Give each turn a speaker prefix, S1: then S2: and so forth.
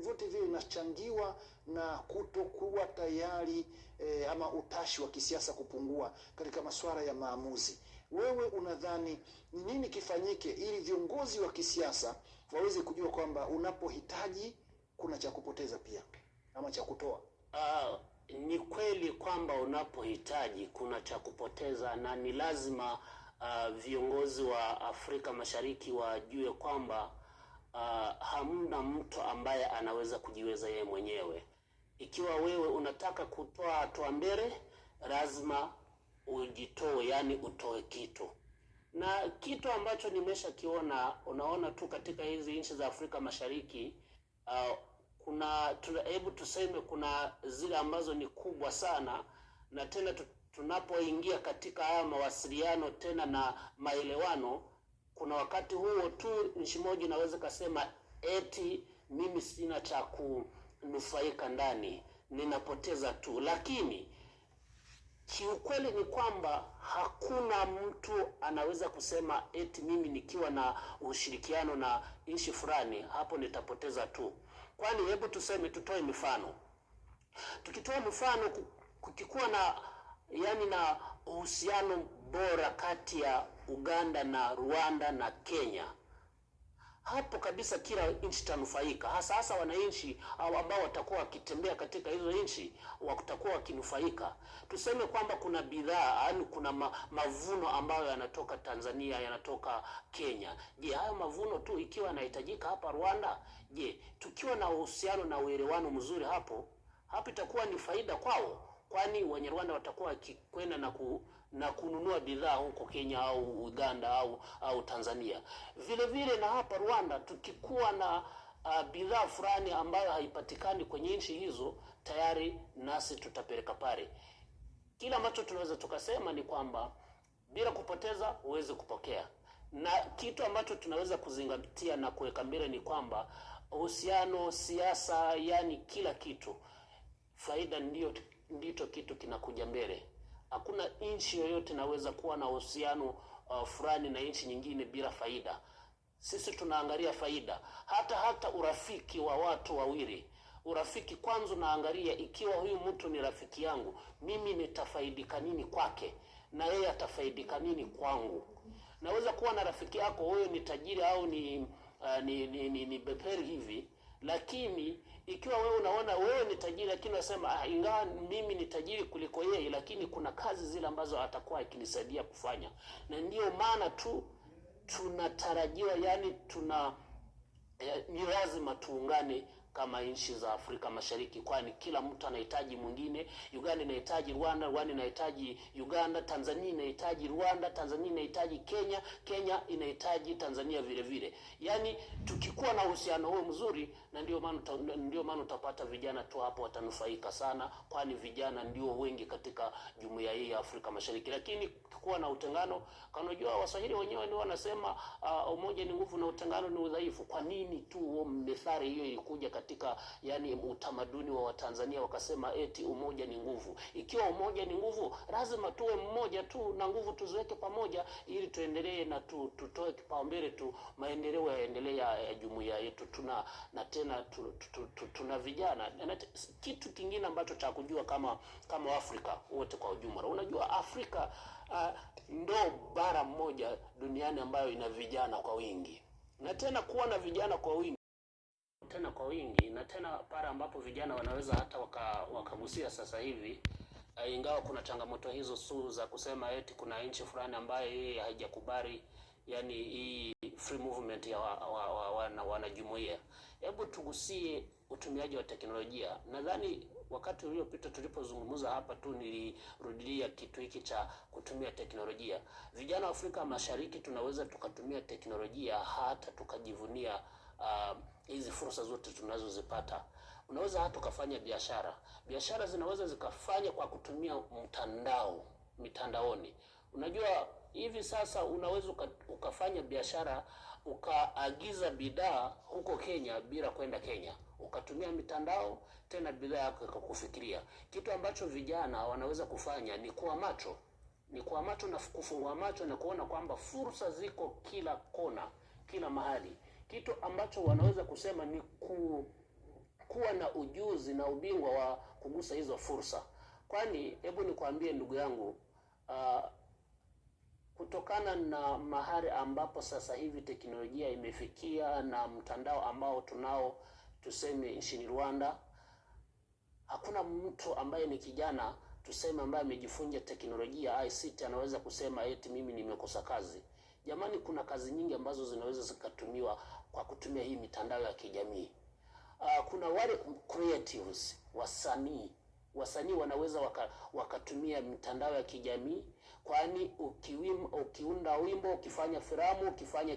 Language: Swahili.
S1: Vyote vile vinachangiwa na kutokuwa tayari e, ama utashi wa kisiasa kupungua katika masuala ya maamuzi. Wewe unadhani ni nini kifanyike ili viongozi wa kisiasa waweze kujua kwamba unapohitaji kuna cha kupoteza pia ama cha kutoa?
S2: Uh, ni kweli kwamba unapohitaji kuna cha kupoteza na ni lazima uh, viongozi wa Afrika Mashariki wajue kwamba uh, hamna mtu ambaye anaweza kujiweza yeye mwenyewe. Ikiwa wewe unataka kutoa hatua mbele, lazima ujitoe, yani utoe kitu na kitu ambacho nimeshakiona, unaona tu katika hizi nchi za Afrika Mashariki uh, kuna hebu tuseme kuna zile ambazo ni kubwa sana, na tena tunapoingia katika haya mawasiliano tena na maelewano kuna wakati huo tu nchi moja inaweza kasema eti mimi sina cha kunufaika ndani, ninapoteza tu. Lakini kiukweli ni kwamba hakuna mtu anaweza kusema eti mimi nikiwa na ushirikiano na nchi fulani hapo nitapoteza tu, kwani hebu tuseme, tutoe mifano. Tukitoa mfano, kukikuwa na yani na uhusiano bora kati ya Uganda na Rwanda na Kenya. Hapo kabisa kila nchi tanufaika, hasa hasa wananchi ambao watakuwa wakitembea katika hizo nchi watakuwa wakinufaika. Tuseme kwamba kuna bidhaa au yaani kuna ma, mavuno ambayo yanatoka Tanzania, yanatoka Kenya. Je, hayo mavuno tu ikiwa yanahitajika hapa Rwanda, je, tukiwa na uhusiano na uelewano mzuri hapo hapo itakuwa ni faida kwao, kwani wenye Rwanda watakuwa wakikwenda na ku na kununua bidhaa huko Kenya au Uganda au au Tanzania. Vile vile na hapa Rwanda tukikuwa na uh, bidhaa fulani ambayo haipatikani kwenye nchi hizo, tayari nasi tutapeleka pale. Kila ambacho tunaweza tukasema ni kwamba bila kupoteza huwezi kupokea, na kitu ambacho tunaweza kuzingatia na kuweka mbele ni kwamba uhusiano, siasa, yani kila kitu, faida ndio ndicho kitu kinakuja mbele. Hakuna nchi yoyote inaweza kuwa na uhusiano uh, fulani na nchi nyingine bila faida. Sisi tunaangalia faida, hata hata urafiki wa watu wawili. Urafiki kwanza unaangalia, ikiwa huyu mtu ni rafiki yangu, mimi nitafaidika nini kwake na yeye atafaidika nini kwangu. Naweza kuwa na rafiki yako, huyu ni tajiri au ni, uh, ni, ni, ni, ni beperi hivi, lakini ikiwa wewe unaona wewe ni tajiri, lakini unasema ah, ingawa mimi ni tajiri kuliko yeye, lakini kuna kazi zile ambazo atakuwa akinisaidia kufanya, na ndiyo maana tu tunatarajiwa, yani tuna eh, ni lazima tuungane kama nchi za Afrika Mashariki, kwani kila mtu anahitaji mwingine. Uganda inahitaji Rwanda, Rwanda inahitaji Uganda, Tanzania inahitaji Rwanda, Tanzania inahitaji Kenya, Kenya inahitaji Tanzania vile vile. Yani tukikuwa na uhusiano huo mzuri, na ndio maana ndio maana utapata vijana tu hapo watanufaika sana, kwani vijana ndio wengi katika jumuiya hii ya Afrika Mashariki. Lakini kuwa na utengano, kanajua Waswahili wenyewe ndio wanasema, uh, umoja ni nguvu na utengano ni udhaifu. Kwa nini tu methali hiyo ilikuja katika yani utamaduni wa Watanzania, wakasema eti umoja ni nguvu. Ikiwa umoja ni nguvu, lazima tuwe mmoja tu na nguvu tuziweke pamoja, ili tuendelee na tu, tutoe kipaumbele tu maendeleo yaendelee ya ya jumuiya yetu. Tuna na tena tu, tu, tu, tuna vijana na kitu kingine ambacho cha kujua kama kama Afrika wote kwa ujumla, unajua Afrika uh, ah, ndo bara moja duniani ambayo ina vijana kwa wingi na tena kuwa na vijana kwa wingi tena kwa wingi na tena pale ambapo vijana wanaweza hata wakagusia waka sasa hivi uh, ingawa kuna changamoto hizo su za kusema eti kuna nchi fulani ambayo hii haijakubali yani hii free movement ya wanajumuia wa, wa, wa, hebu tugusie utumiaji wa teknolojia. Nadhani wakati uliopita tulipozungumza hapa tu nilirudilia kitu hiki cha kutumia teknolojia. Vijana wa Afrika Mashariki tunaweza tukatumia teknolojia hata tukajivunia uh, fursa zote tunazozipata. Unaweza hata ukafanya biashara. Biashara zinaweza zikafanya kwa kutumia mtandao, mitandaoni. Unajua hivi sasa unaweza ukafanya biashara ukaagiza bidhaa huko Kenya bila kwenda Kenya, ukatumia mitandao, tena bidhaa yako ikakufikiria. Kitu ambacho vijana wanaweza kufanya ni kuwa macho, ni kuwa macho na kufungua macho na kuona kwamba fursa ziko kila kona, kila mahali kitu ambacho wanaweza kusema ni ku, kuwa na ujuzi na ubingwa wa kugusa hizo fursa. Kwani hebu nikwambie ndugu yangu, uh, kutokana na mahali ambapo sasa hivi teknolojia imefikia na mtandao ambao tunao tuseme nchini Rwanda, hakuna mtu ambaye ni kijana tuseme, ambaye amejifunja teknolojia ICT anaweza kusema eti mimi nimekosa kazi. Jamani, kuna kazi nyingi ambazo zinaweza zikatumiwa kwa kutumia hii mitandao ya kijamii. Uh, kuna wale creatives, wasanii wasanii wanaweza waka, wakatumia mitandao ya kijamii kwani ukiwim, ukiunda wimbo, ukifanya filamu, ukifanya